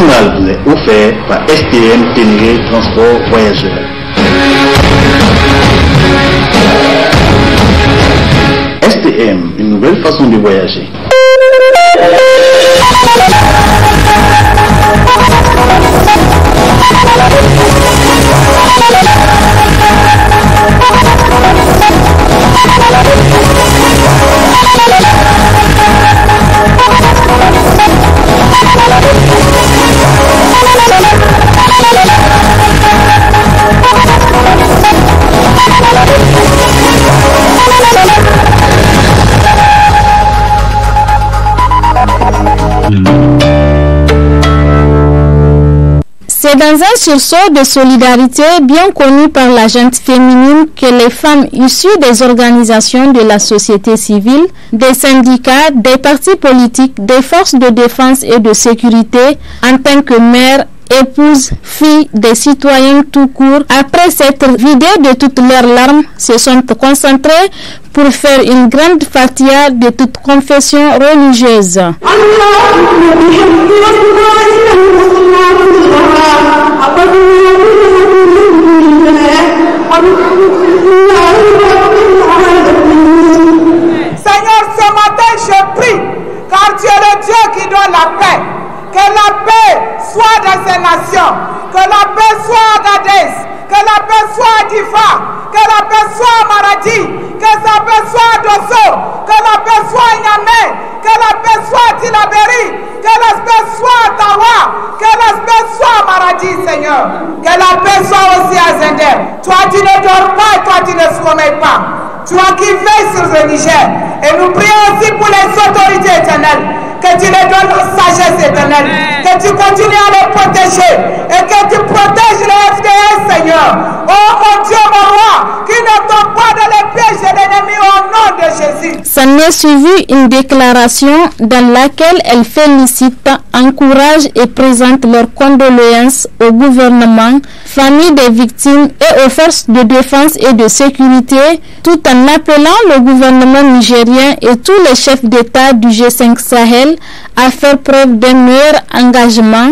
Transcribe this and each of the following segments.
journal est offert par STM Ténéré Transport Voyageurs. STM, une nouvelle façon de voyager. dans un sursaut de solidarité bien connu par la gente féminine que les femmes issues des organisations de la société civile, des syndicats, des partis politiques, des forces de défense et de sécurité en tant que mères épouses, filles des citoyens tout court, après s'être vidées de toutes leurs larmes, se sont concentrées pour faire une grande fatia de toute confession religieuse. Seigneur, ce matin, je prie, car tu es le Dieu qui donne la paix. Que la paix soit dans ces nations, que la paix soit à Gadez, que la paix soit à Difa, que la paix soit à Maradi, que ça soit Dosso, que la soit Niamey, que la soit Tilaberi, que la soit Tawa, que la soit Maradi, Seigneur, que la soit aussi à Toi, tu ne dors pas et toi, tu ne sommeilles pas. Toi qui veilles sur le Niger. Et nous prions aussi pour les autorités éternelles, que tu les donnes la sagesse éternelle, que tu continues à les protéger et que tu protèges les FDS, Seigneur. Ça n'est suivi une déclaration dans laquelle elle félicite, encourage et présente leurs condoléances au gouvernement, famille des victimes et aux forces de défense et de sécurité, tout en appelant le gouvernement nigérien et tous les chefs d'État du G5 Sahel à faire preuve d'un meilleur engagement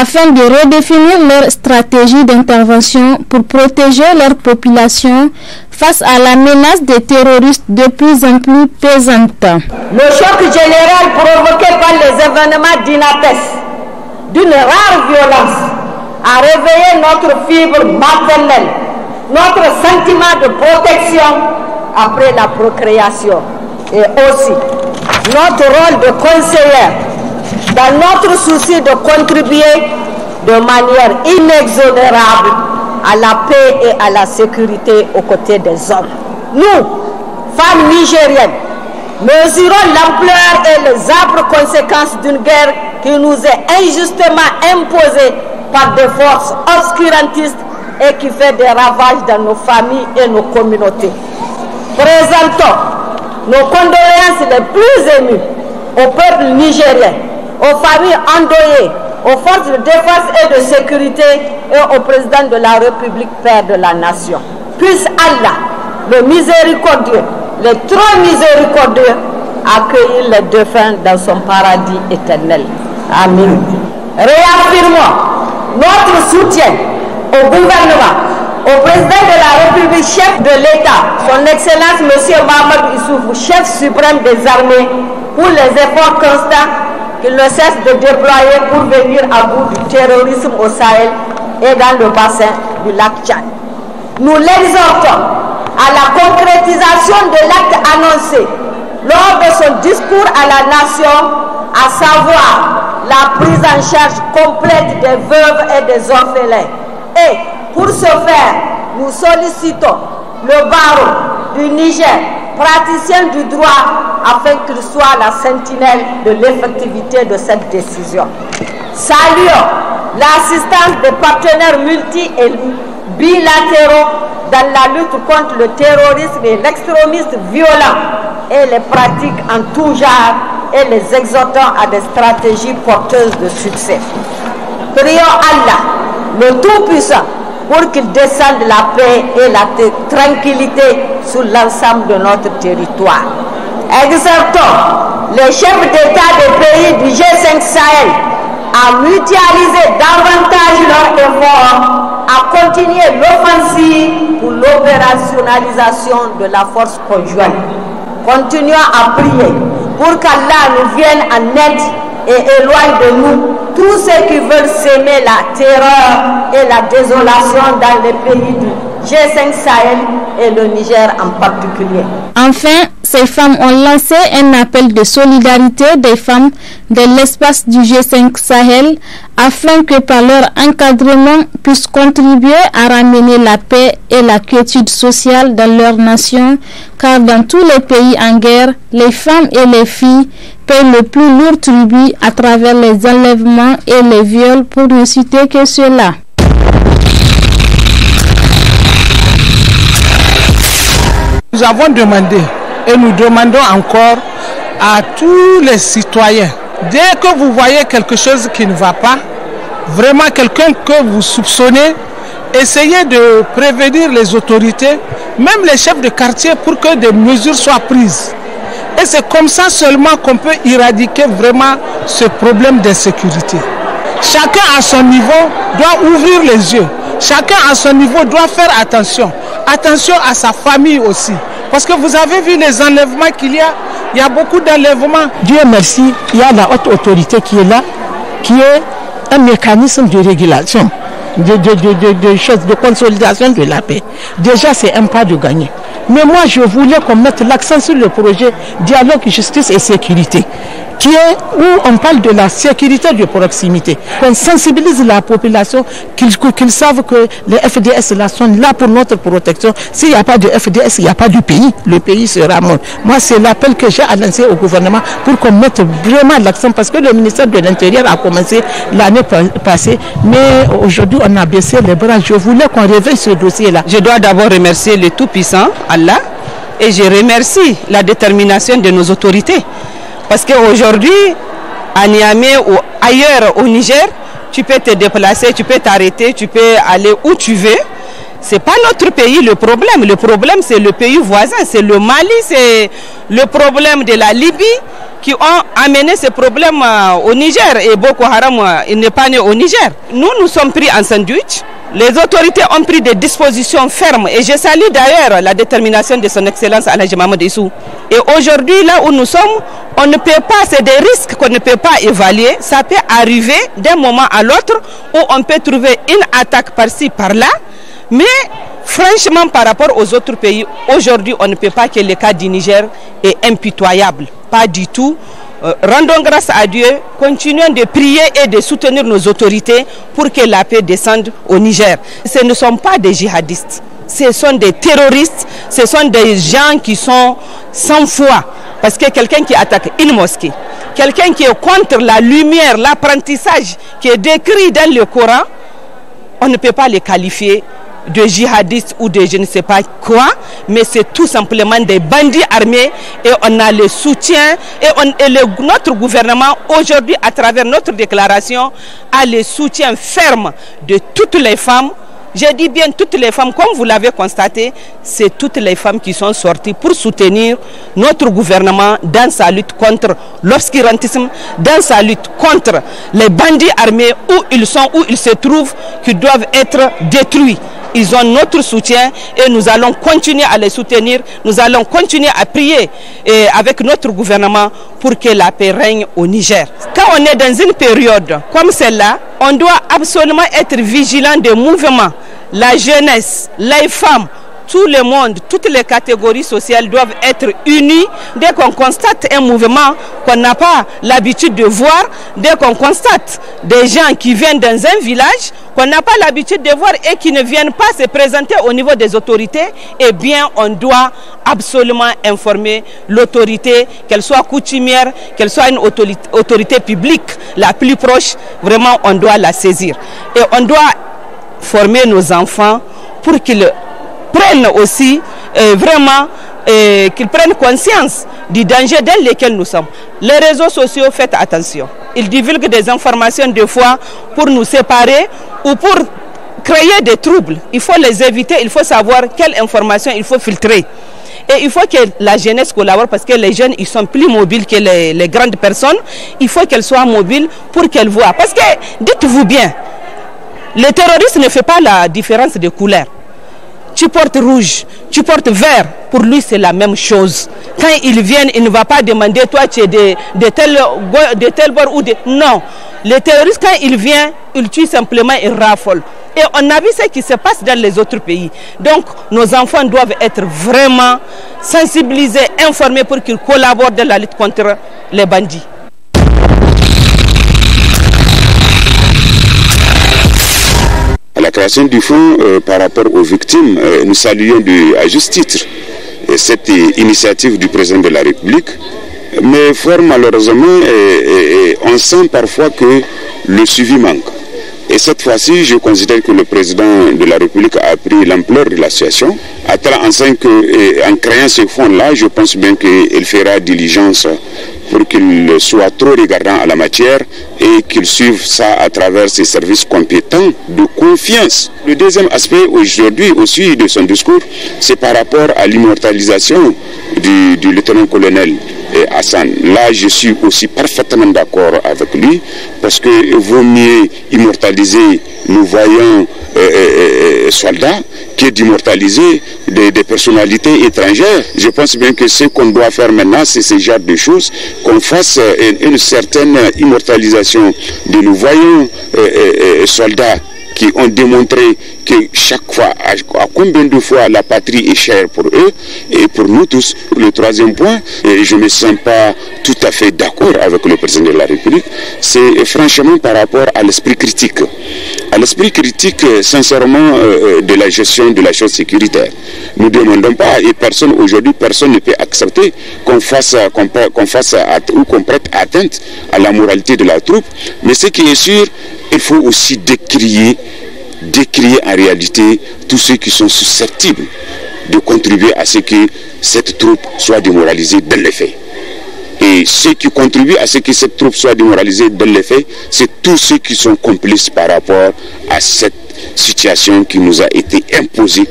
afin de redéfinir leur stratégie d'intervention pour protéger leur population face à la menace des terroristes de plus en plus pesante. Le choc général provoqué par les événements d'Inates, d'une rare violence, a réveillé notre fibre maternelle, notre sentiment de protection après la procréation et aussi notre rôle de conseillère dans notre souci de contribuer de manière inexonérable à la paix et à la sécurité aux côtés des hommes. Nous, femmes nigériennes, mesurons l'ampleur et les âpres conséquences d'une guerre qui nous est injustement imposée par des forces obscurantistes et qui fait des ravages dans nos familles et nos communautés. Présentons nos condoléances les plus émues au peuple nigérien aux familles endoyées, aux forces de défense et de sécurité et au président de la République, père de la nation. Puisse Allah, le miséricordieux, le trop miséricordieux, accueillir les défunts dans son paradis éternel. Amen. Réaffirmons notre soutien au gouvernement au président de la République, chef de l'État, son Excellence M. Mohamed Issoufou, chef suprême des armées, pour les efforts constants il ne cesse de déployer pour venir à bout du terrorisme au Sahel et dans le bassin du lac Tchad. Nous l'exhortons à la concrétisation de l'acte annoncé lors de son discours à la nation, à savoir la prise en charge complète des veuves et des orphelins. Et pour ce faire, nous sollicitons le barreau du Niger praticien du droit, afin qu'il soit la sentinelle de l'effectivité de cette décision. Saluons l'assistance des partenaires multi et bilatéraux dans la lutte contre le terrorisme et l'extrémisme violent et les pratiques en tout genre et les exhortant à des stratégies porteuses de succès. Prions Allah, le Tout-Puissant, pour qu'il descende la paix et la tranquillité sur l'ensemble de notre territoire. Exhortons les chefs d'État des pays du G5 Sahel à mutualiser davantage leurs efforts, à continuer l'offensive pour l'opérationnalisation de la force conjointe. Continuons à prier pour qu'Allah nous vienne en aide et éloigne de nous tous ceux qui veulent s'aimer la terreur et la désolation dans les pays du G5 Sahel et le Niger en particulier. Enfin, ces femmes ont lancé un appel de solidarité des femmes de l'espace du G5 Sahel afin que par leur encadrement puissent contribuer à ramener la paix et la quiétude sociale dans leur nation, car dans tous les pays en guerre, les femmes et les filles paient le plus lourd tribut à travers les enlèvements et les viols pour ne citer que cela. Nous avons demandé et nous demandons encore à tous les citoyens, dès que vous voyez quelque chose qui ne va pas, vraiment quelqu'un que vous soupçonnez, essayez de prévenir les autorités, même les chefs de quartier, pour que des mesures soient prises. Et c'est comme ça seulement qu'on peut éradiquer vraiment ce problème d'insécurité. Chacun à son niveau doit ouvrir les yeux. Chacun à son niveau doit faire attention. Attention à sa famille aussi. Parce que vous avez vu les enlèvements qu'il y a. Il y a beaucoup d'enlèvements. Dieu merci, il y a la haute autorité qui est là, qui est un mécanisme de régulation, de, choses, de consolidation de la paix. Déjà, c'est un pas de gagner. Mais moi, je voulais qu'on mette l'accent sur le projet dialogue, justice et sécurité qui où on parle de la sécurité de proximité. On sensibilise la population qu'ils savent que les FDS sont là pour notre protection. S'il n'y a pas de FDS, il n'y a pas du pays. Le pays sera mort. Moi, c'est l'appel que j'ai annoncé au gouvernement pour qu'on mette vraiment l'accent parce que le ministère de l'Intérieur a commencé l'année passée, mais aujourd'hui on a baissé les bras. Je voulais qu'on réveille ce dossier-là. Je dois d'abord remercier le Tout-Puissant, Allah, et je remercie la détermination de nos autorités parce qu'aujourd'hui, à Niamey ou ailleurs au Niger, tu peux te déplacer, tu peux t'arrêter, tu peux aller où tu veux. Ce n'est pas notre pays le problème. Le problème, c'est le pays voisin, c'est le Mali, c'est le problème de la Libye qui ont amené ce problème euh, au Niger. Et Boko Haram, euh, il n'est pas né au Niger. Nous, nous sommes pris en sandwich. Les autorités ont pris des dispositions fermes et je salue d'ailleurs la détermination de son Excellence Alhaji Mahmoud Et aujourd'hui, là où nous sommes, on ne peut pas, c'est des risques qu'on ne peut pas évaluer. Ça peut arriver d'un moment à l'autre où on peut trouver une attaque par-ci, par-là. Mais franchement, par rapport aux autres pays, aujourd'hui, on ne peut pas que le cas du Niger est impitoyable. Pas du tout. Euh, rendons grâce à Dieu, continuons de prier et de soutenir nos autorités pour que la paix descende au Niger. Ce ne sont pas des djihadistes, ce sont des terroristes, ce sont des gens qui sont sans foi. Parce que quelqu'un qui attaque une mosquée, quelqu'un qui est contre la lumière, l'apprentissage qui est décrit dans le Coran, on ne peut pas les qualifier de djihadistes ou de je ne sais pas quoi, mais c'est tout simplement des bandits armés et on a le soutien et, on, notre gouvernement aujourd'hui à travers notre déclaration a le soutien ferme de toutes les femmes je dis bien toutes les femmes, comme vous l'avez constaté, c'est toutes les femmes qui sont sorties pour soutenir notre gouvernement dans sa lutte contre l'obscurantisme, dans sa lutte contre les bandits armés où ils sont, où ils se trouvent, qui doivent être détruits. Ils ont notre soutien et nous allons continuer à les soutenir. Nous allons continuer à prier eh, avec notre gouvernement pour que la paix règne au Niger. Quand on est dans une période comme celle-là, on doit absolument être vigilant des mouvements, la jeunesse, les femmes tout le monde, toutes les catégories sociales doivent être unies dès qu'on constate un mouvement qu'on n'a pas l'habitude de voir, dès qu'on constate des gens qui viennent dans un village qu'on n'a pas l'habitude de voir et qui ne viennent pas se présenter au niveau des autorités, eh bien on doit absolument informer l'autorité, qu'elle soit coutumière, qu'elle soit une autorité, autorité publique la plus proche, vraiment on doit la saisir. Et on doit former nos enfants pour qu'ils prennent aussi euh, vraiment, euh, qu'ils prennent conscience du danger dans lequel nous sommes. Les réseaux sociaux, faites attention. Ils divulguent des informations des fois pour nous séparer ou pour créer des troubles. Il faut les éviter, il faut savoir quelles informations il faut filtrer. Et il faut que la jeunesse collabore parce que les jeunes, ils sont plus mobiles que les, les grandes personnes. Il faut qu'elles soient mobiles pour qu'elles voient. Parce que, dites-vous bien, le terrorisme ne fait pas la différence de couleur tu portes rouge, tu portes vert. Pour lui, c'est la même chose. Quand ils viennent, il ne va pas demander, toi, tu es de, de tel, de tel bord ou de... Non. les terroristes quand ils viennent, ils tuent simplement et raffolent. Et on a vu ce qui se passe dans les autres pays. Donc, nos enfants doivent être vraiment sensibilisés, informés pour qu'ils collaborent dans la lutte contre les bandits. la création du fonds euh, par rapport aux victimes, euh, nous saluons à juste titre euh, cette initiative du président de la République. Mais fort malheureusement, on sent parfois que le suivi manque. Et cette fois-ci, je considère que le président de la République a pris l'ampleur de la situation. en créant ce fonds-là, je pense bien qu'il fera diligence pour qu'il soit trop regardant à la matière et qu'il suive ça à travers ses services compétents de confiance. Le deuxième aspect aujourd'hui aussi de son discours, c'est par rapport à l'immortalisation du, lieutenant-colonel. Eh, Hassan, là je suis aussi parfaitement d'accord avec lui parce qu'il vaut mieux immortaliser nos voyants eh, eh, soldats qui est d'immortaliser des, personnalités étrangères. Je pense bien que ce qu'on doit faire maintenant, c'est ce genre de choses, qu'on fasse euh, une, certaine immortalisation de nous voyons euh, euh, soldats qui ont démontré que chaque fois, à, combien de fois la patrie est chère pour eux et pour nous tous. Le troisième point, et je ne me sens pas tout à fait d'accord avec le président de la République, c'est franchement par rapport à l'esprit critique à l'esprit critique, euh, sincèrement, euh, euh, de la gestion de la chose sécuritaire. Nous ne demandons pas, et personne aujourd'hui, personne ne peut accepter qu'on fasse, ou qu'on prête atteinte à la moralité de la troupe, mais ce qui est sûr, il faut aussi décrier, décrier en réalité tous ceux qui sont susceptibles de contribuer à ce que cette troupe soit démoralisée dès les faits. Et ceux qui contribuent à ce que cette troupe soit démoralisée dans les faits, c'est tous ceux qui sont complices par rapport à cette situation qui nous a été imposée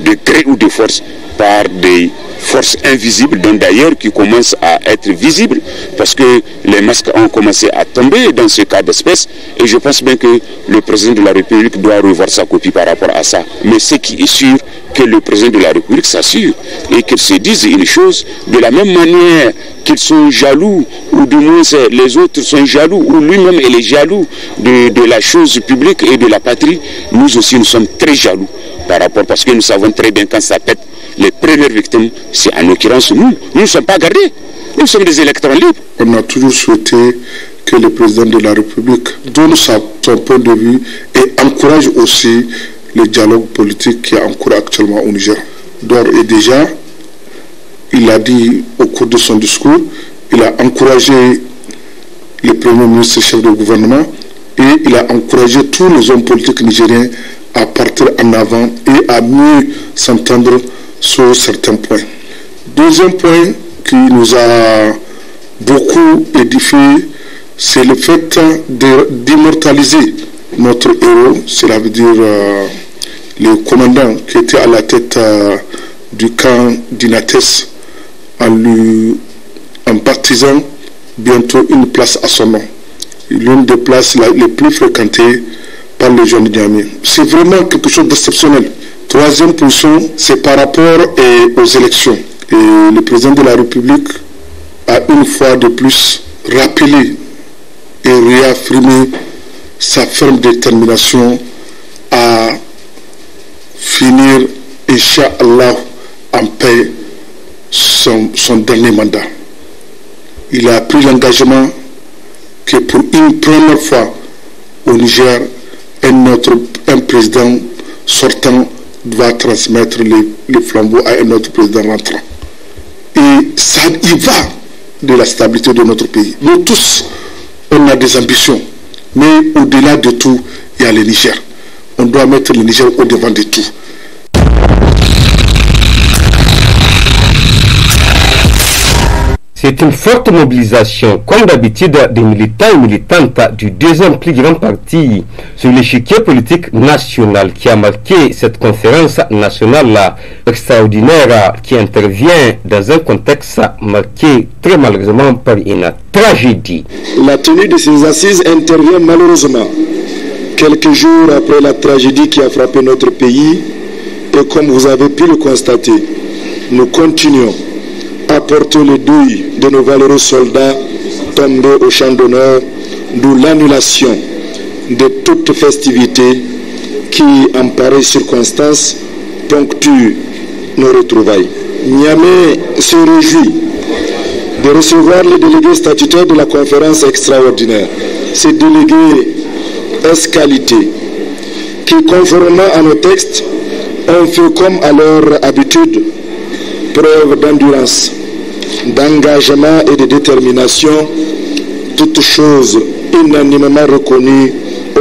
de gré ou de force par des forces invisibles, dont d'ailleurs qui commencent à être visibles, parce que les masques ont commencé à tomber dans ce cas d'espèce, et je pense bien que le président de la République doit revoir sa copie par rapport à ça. Mais ce qui est sûr, que le président de la République s'assure et qu'il se dise une chose de la même manière qu'ils sont jaloux, ou du moins les autres sont jaloux, ou lui-même est jaloux de, la chose publique et de la patrie, nous aussi nous sommes très jaloux par rapport, parce que nous savons très bien quand ça pète, les les premières victimes, c'est en l'occurrence nous. Nous ne sommes pas gardés. Nous sommes des électeurs libres. On a toujours souhaité que le président de la République donne son point de vue et encourage aussi le dialogue politique qui est en cours actuellement au Niger. D'ores et déjà, il a dit au cours de son discours, il a encouragé le Premier ministre, chef de gouvernement, et il a encouragé tous les hommes politiques nigériens à partir en avant et à mieux s'entendre sur certains points. Deuxième point qui nous a beaucoup édifié, c'est le fait d'immortaliser notre héros, cela veut dire euh, le commandant qui était à la tête euh, du camp d'Inates en lui en partisant bientôt une place à son nom. L'une des places les plus fréquentées par les jeunes Niamey. C'est vraiment quelque chose d'exceptionnel. Troisième position, c'est par rapport euh, aux élections. le président de la République a une fois de plus rappelé et réaffirmé sa ferme détermination à finir, Inch'Allah, en paix son, dernier mandat. Il a pris l'engagement que pour une première fois au Niger, un, un président sortant doit transmettre les, les flambeaux à un autre président rentrant. Et ça y va de la stabilité de notre pays. Nous tous, on a des ambitions, mais au-delà de tout, il y a le Niger. On doit mettre le Niger au devant de tout. C'est une forte mobilisation, comme d'habitude, des militants et militantes du deuxième plus grand parti sur l'échiquier politique national qui a marqué cette conférence nationale extraordinaire qui intervient dans un contexte marqué très malheureusement par une tragédie. La tenue de ces assises intervient malheureusement quelques jours après la tragédie qui a frappé notre pays et comme vous avez pu le constater, nous continuons apporter le douille de nos valeureux soldats tombés au champ d'honneur, d'où l'annulation de toute festivité qui, en pareille circonstance, ponctue nos retrouvailles. Niamey se réjouit de recevoir les délégués statutaires de la conférence extraordinaire. Ces délégués escalités, qui, conformément à nos textes, ont fait comme à leur habitude preuve d'endurance d'engagement et de détermination, toutes choses unanimement reconnues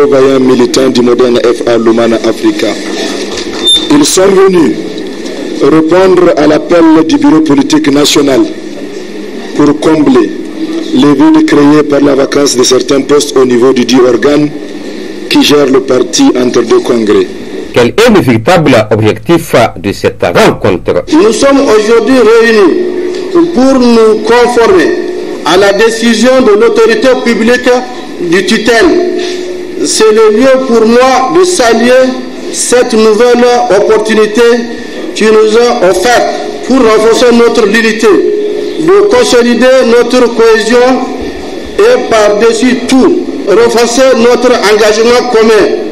aux vaillants militants du moderne FA Lumana Africa. Ils sont venus répondre à l'appel du Bureau politique national pour combler les vides créés par la vacance de certains postes au niveau du dit qui gère le parti entre deux congrès. Quel est le véritable objectif de cette rencontre Nous sommes aujourd'hui réunis pour nous conformer à la décision de l'autorité publique du tutelle. C'est le lieu pour moi de saluer cette nouvelle opportunité qui nous a offerte pour renforcer notre unité, de consolider notre cohésion et par-dessus tout, renforcer notre engagement commun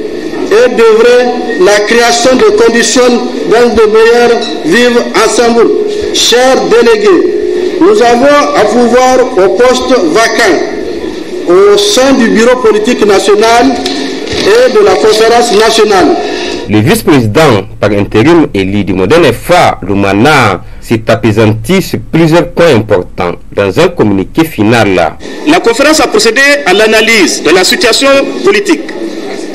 et devrait la création de conditions dans de meilleurs vivre ensemble. Chers délégués, nous avons à vous voir au poste vacant au sein du Bureau politique national et de la conférence nationale. Le vice-président par intérim élu du modèle FA, s'est apaisanti sur plusieurs points importants dans un communiqué final. La conférence a procédé à l'analyse de la situation politique,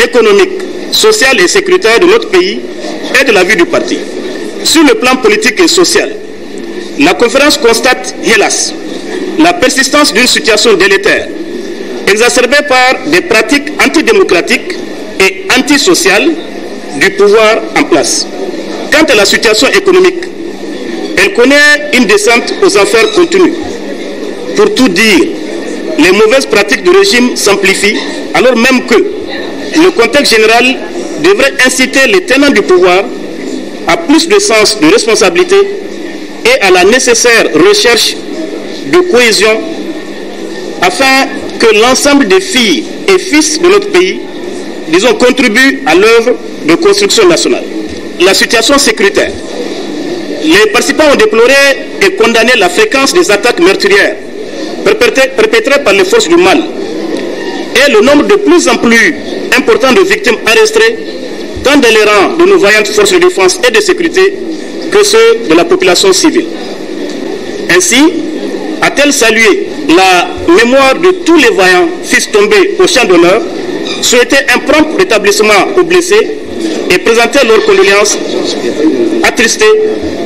économique, social et sécuritaire de notre pays et de la vie du parti. Sur le plan politique et social, la conférence constate, hélas, la persistance d'une situation délétère, exacerbée par des pratiques antidémocratiques et antisociales du pouvoir en place. Quant à la situation économique, elle connaît une descente aux affaires contenues. Pour tout dire, les mauvaises pratiques du régime s'amplifient alors même que le contexte général devrait inciter les tenants du pouvoir à plus de sens de responsabilité et à la nécessaire recherche de cohésion afin que l'ensemble des filles et fils de notre pays, disons, contribuent à l'œuvre de construction nationale. La situation sécuritaire. Les participants ont déploré et condamné la fréquence des attaques meurtrières perpétrées par les forces du mal et le nombre de plus en plus important de victimes arrestées, tant dans les rangs de nos vaillantes forces de défense et de sécurité que ceux de la population civile. Ainsi, a-t-elle salué la mémoire de tous les vaillants fils tombés au champ d'honneur, souhaité un propre rétablissement aux blessés et présenté leurs condoléances attristées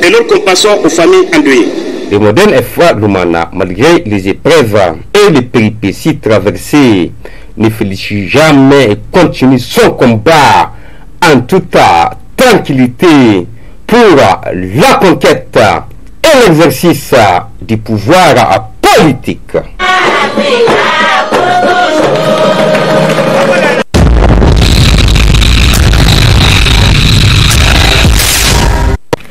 et leur compassion aux familles endeuillées. Le modèle est froid, Lumana, malgré les épreuves et les péripéties traversées ne félicite jamais et continue son combat en toute tranquillité pour la conquête et l'exercice du pouvoir politique.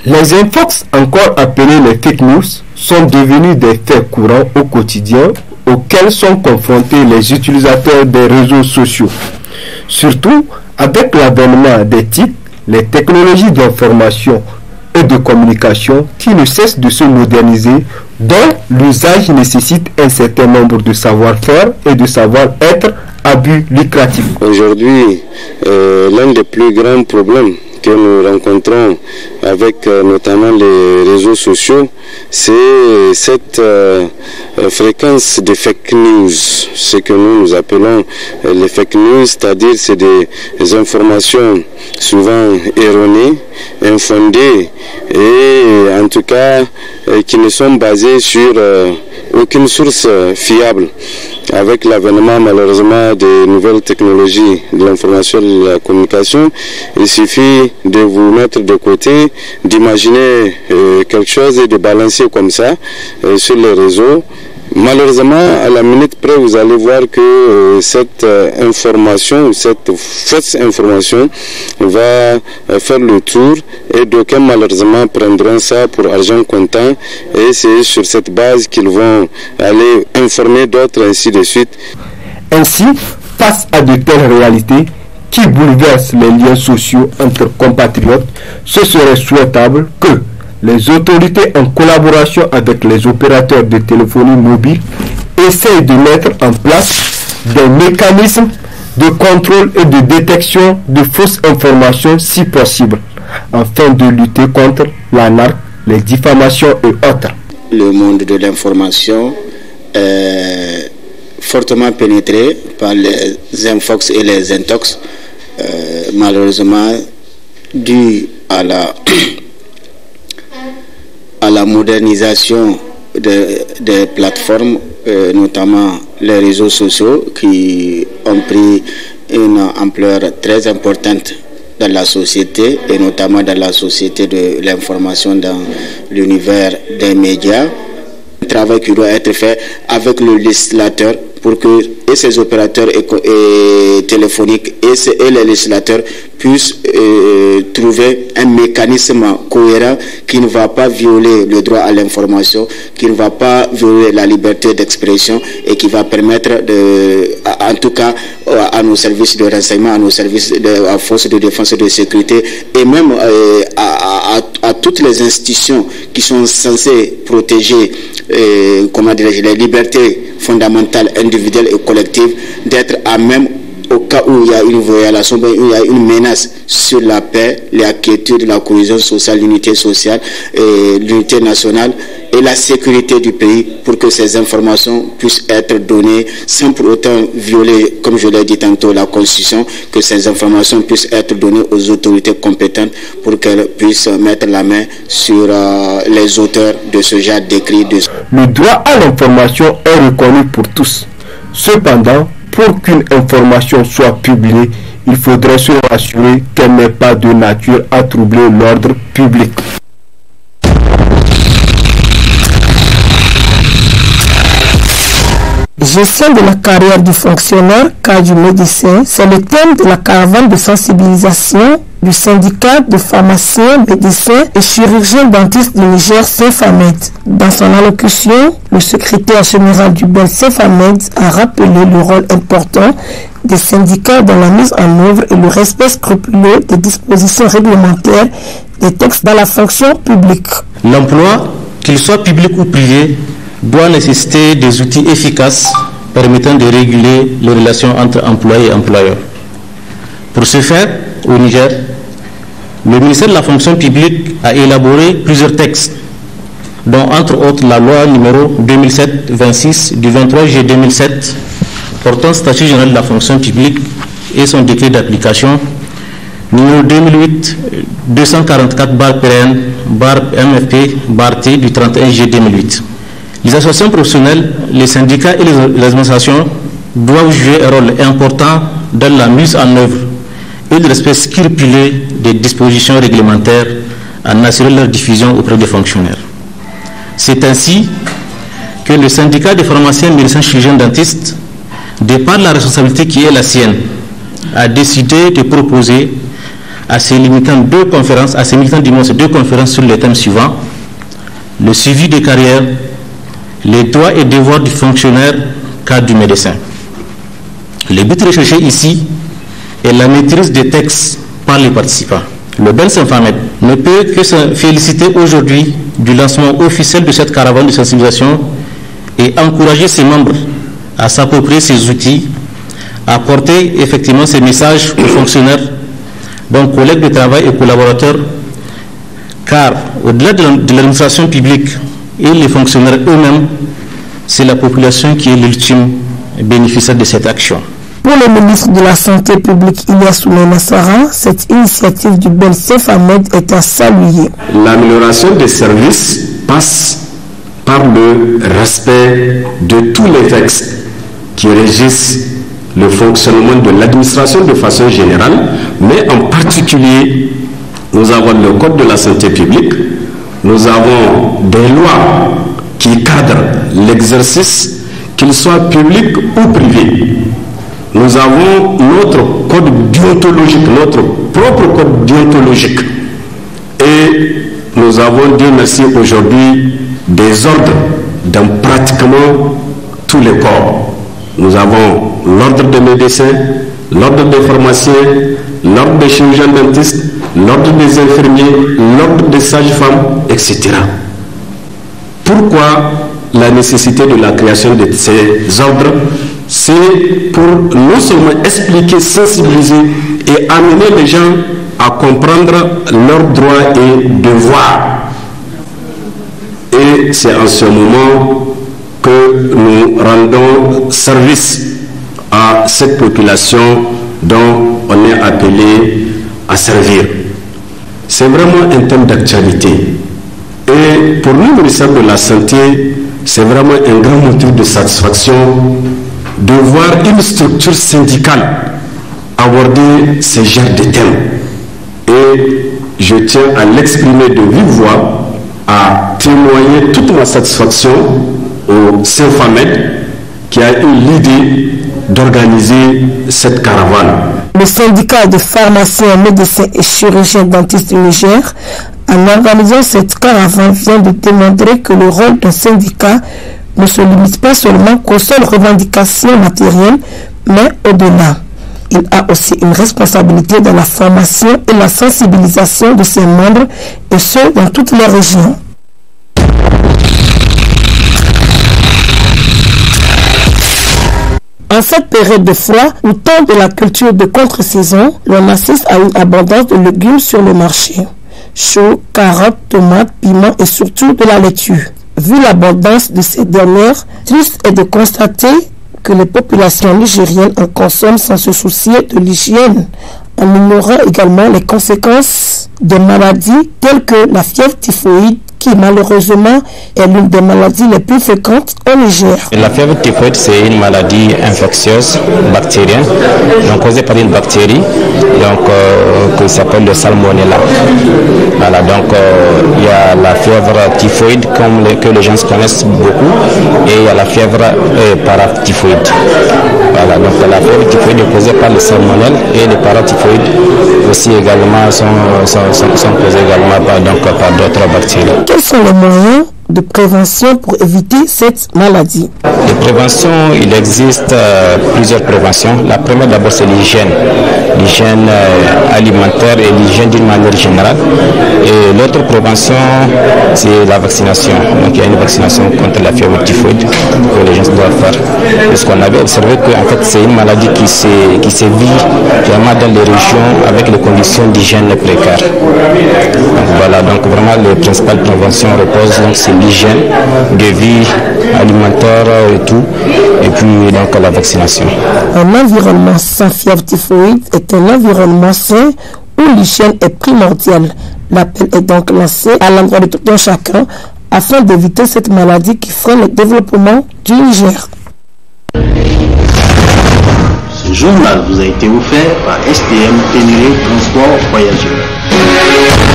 Les infox, encore appelés les fake news, sont devenus des faits courants au quotidien auxquels sont confrontés les utilisateurs des réseaux sociaux. Surtout avec l'avènement des types, les technologies d'information et de communication qui ne cessent de se moderniser, dont l'usage nécessite un certain nombre de savoir-faire et de savoir-être à but lucratif. Aujourd'hui, euh, l'un des plus grands problèmes que nous rencontrons avec euh, notamment les réseaux sociaux, c'est cette euh, fréquence de fake news, ce que nous, nous appelons euh, les fake news, c'est-à-dire c'est des, des informations souvent erronées, infondées et en tout cas qui ne sont basées sur aucune source fiable. Avec l'avènement malheureusement des nouvelles technologies de l'information et de la communication, il suffit de vous mettre de côté, d'imaginer euh, quelque chose et de balancer comme ça euh, sur les réseaux. Malheureusement, à la minute près, vous allez voir que euh, cette information, cette fausse information va faire le tour et d'aucuns malheureusement prendront ça pour argent comptant et c'est sur cette base qu'ils vont aller informer d'autres ainsi de suite. Ainsi, face à de telles réalités, qui bouleverse les liens sociaux entre compatriotes, ce serait souhaitable que les autorités en collaboration avec les opérateurs de téléphonie mobile essayent de mettre en place des mécanismes de contrôle et de détection de fausses informations si possible, afin de lutter contre la narque, les diffamations et autres. Le monde de l'information est fortement pénétré par les infox et les intox. Euh, malheureusement dû à la, à la modernisation des plateformes, euh, notamment les réseaux sociaux, qui ont pris une ampleur très importante dans la société et notamment dans la société de l'information dans l'univers des médias. Un travail qui doit être fait avec le législateur pour que ces opérateurs et, téléphoniques et, et les législateurs puisse euh, trouver un mécanisme cohérent qui ne va pas violer le droit à l'information, qui ne va pas violer la liberté d'expression et qui va permettre, de, en tout cas, à nos services de renseignement, à nos services de à force de défense et de sécurité et même euh, à, toutes les institutions qui sont censées protéger euh, les libertés fondamentales individuelles et collectives d'être à même au cas où il y a une violation, il y a une menace sur la paix, les inquiétudes la cohésion sociale, l'unité sociale, l'unité nationale et la sécurité du pays pour que ces informations puissent être données sans pour autant violer, comme je l'ai dit tantôt, la Constitution, que ces informations puissent être données aux autorités compétentes pour qu'elles puissent mettre la main sur euh, les auteurs de ce genre d'écrit. Le droit à l'information est reconnu pour tous. Cependant, pour qu'une information soit publiée, il faudrait se rassurer qu'elle n'est pas de nature à troubler l'ordre public. gestion de la carrière du fonctionnaire, cas du médecin, c'est le thème de la caravane de sensibilisation du syndicat de pharmaciens, médecins et chirurgiens dentistes du Niger saint Dans son allocution, le secrétaire général du BEL saint a rappelé le rôle important des syndicats dans la mise en œuvre et le respect scrupuleux des dispositions réglementaires des textes dans la fonction publique. L'emploi, qu'il soit public ou privé, doit nécessiter des outils efficaces permettant de réguler les relations entre employés et employeurs. Pour ce faire, au Niger, le ministère de la fonction publique a élaboré plusieurs textes, dont entre autres la loi numéro 2007-26 du 23 juillet 2007 portant statut général de la fonction publique et son décret d'application numéro 2008 244 bar MFP T du 31 juillet 2008. Les associations professionnelles, les syndicats et les administrations doivent jouer un rôle important dans la mise en œuvre et le respect scrupuleux des dispositions réglementaires en assurant leur diffusion auprès des fonctionnaires. C'est ainsi que le syndicat des pharmaciens, médecins, chirurgiens, dentistes, de la responsabilité qui est la sienne, a décidé de proposer à ses limitants deux conférences, à ses militants du deux conférences sur les thèmes suivants le suivi des carrières les droits et devoirs du fonctionnaire cas du médecin. Le but recherché ici est la maîtrise des textes par les participants. Le Bel saint ne peut que se féliciter aujourd'hui du lancement officiel de cette caravane de sensibilisation et encourager ses membres à s'approprier ces outils, à porter effectivement ces messages aux fonctionnaires, donc collègues de travail et collaborateurs, car au-delà de l'administration publique, et les fonctionnaires eux-mêmes, c'est la population qui est l'ultime bénéficiaire de cette action. Pour le ministre de la Santé publique Ilias Sarah, cette initiative du ben Sefa est à saluer. L'amélioration des services passe par le respect de tous les textes qui régissent le fonctionnement de l'administration de façon générale, mais en particulier, nous avons le Code de la santé publique, nous avons des lois qui cadrent l'exercice, qu'il soit public ou privé. Nous avons notre code déontologique, notre propre code déontologique. Et nous avons, Dieu merci, aujourd'hui des ordres dans pratiquement tous les corps. Nous avons l'ordre des médecins, l'ordre des pharmaciens, l'ordre des chirurgiens dentistes, l'ordre des infirmiers, l'ordre des sages-femmes, etc. Pourquoi la nécessité de la création de ces ordres C'est pour non seulement expliquer, sensibiliser et amener les gens à comprendre leurs droits et devoirs. Et c'est en ce moment que nous rendons service à cette population dont on est appelé à servir. C'est vraiment un thème d'actualité. Et pour nous, le ministère de la Santé, c'est vraiment un grand motif de satisfaction de voir une structure syndicale aborder ce genre de thème. Et je tiens à l'exprimer de vive voix, à témoigner toute ma satisfaction au femme qui a eu l'idée d'organiser cette caravane. Le syndicat de pharmaciens, médecins et chirurgiens dentistes du Niger, en organisant cette caravane, vient de démontrer que le rôle d'un syndicat ne se limite pas seulement qu'aux seules revendications matérielles, mais au-delà. Il a aussi une responsabilité dans la formation et la sensibilisation de ses membres, et ceux dans toutes les régions. En cette période de froid, au temps de la culture de contre-saison, l'on assiste à une abondance de légumes sur le marché. Choux, carottes, tomates, piments et surtout de la laitue. Vu l'abondance de ces dernières, triste est de constater que les populations nigériennes en consomment sans se soucier de l'hygiène, en ignorant également les conséquences des maladies telles que la fièvre typhoïde, qui malheureusement est l'une des maladies les plus fréquentes au Niger. La fièvre typhoïde, c'est une maladie infectieuse bactérienne, donc causée par une bactérie donc, euh, qui s'appelle le salmonella. Voilà, donc euh, il y a la fièvre typhoïde comme que les gens connaissent beaucoup et il y a la fièvre euh, paratyphoïde. Voilà, donc la fièvre typhoïde est causée par le salmonelle et les paratyphoïdes aussi également sont, sont, causés également par, donc, par d'autres bactéries. Pastor Solomon de prévention pour éviter cette maladie Les préventions, il existe euh, plusieurs préventions. La première d'abord c'est l'hygiène, l'hygiène euh, alimentaire et l'hygiène d'une manière générale. Et l'autre prévention c'est la vaccination. Donc il y a une vaccination contre la fièvre typhoïde que les gens doivent faire. Parce qu'on avait observé que en fait, c'est une maladie qui se, qui se vit vraiment dans les régions avec les conditions d'hygiène précaires. voilà, donc vraiment les principales préventions reposent sur l'hygiène des vie alimentaires et tout, et puis donc la vaccination. Un environnement sans fièvre typhoïde est un environnement sain où l'hygiène est primordiale. L'appel est donc lancé à l'endroit de tout un chacun afin d'éviter cette maladie qui freine le développement du Niger. Ce journal vous a été offert par STM Ténéré Transport Voyageurs.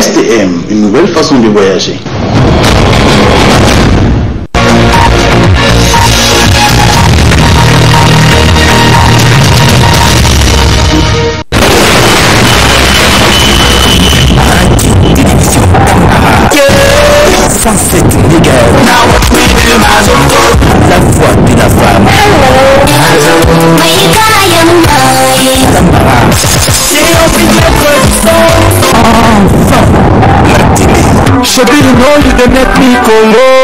STM, une nouvelle façon de voyager. you they make me go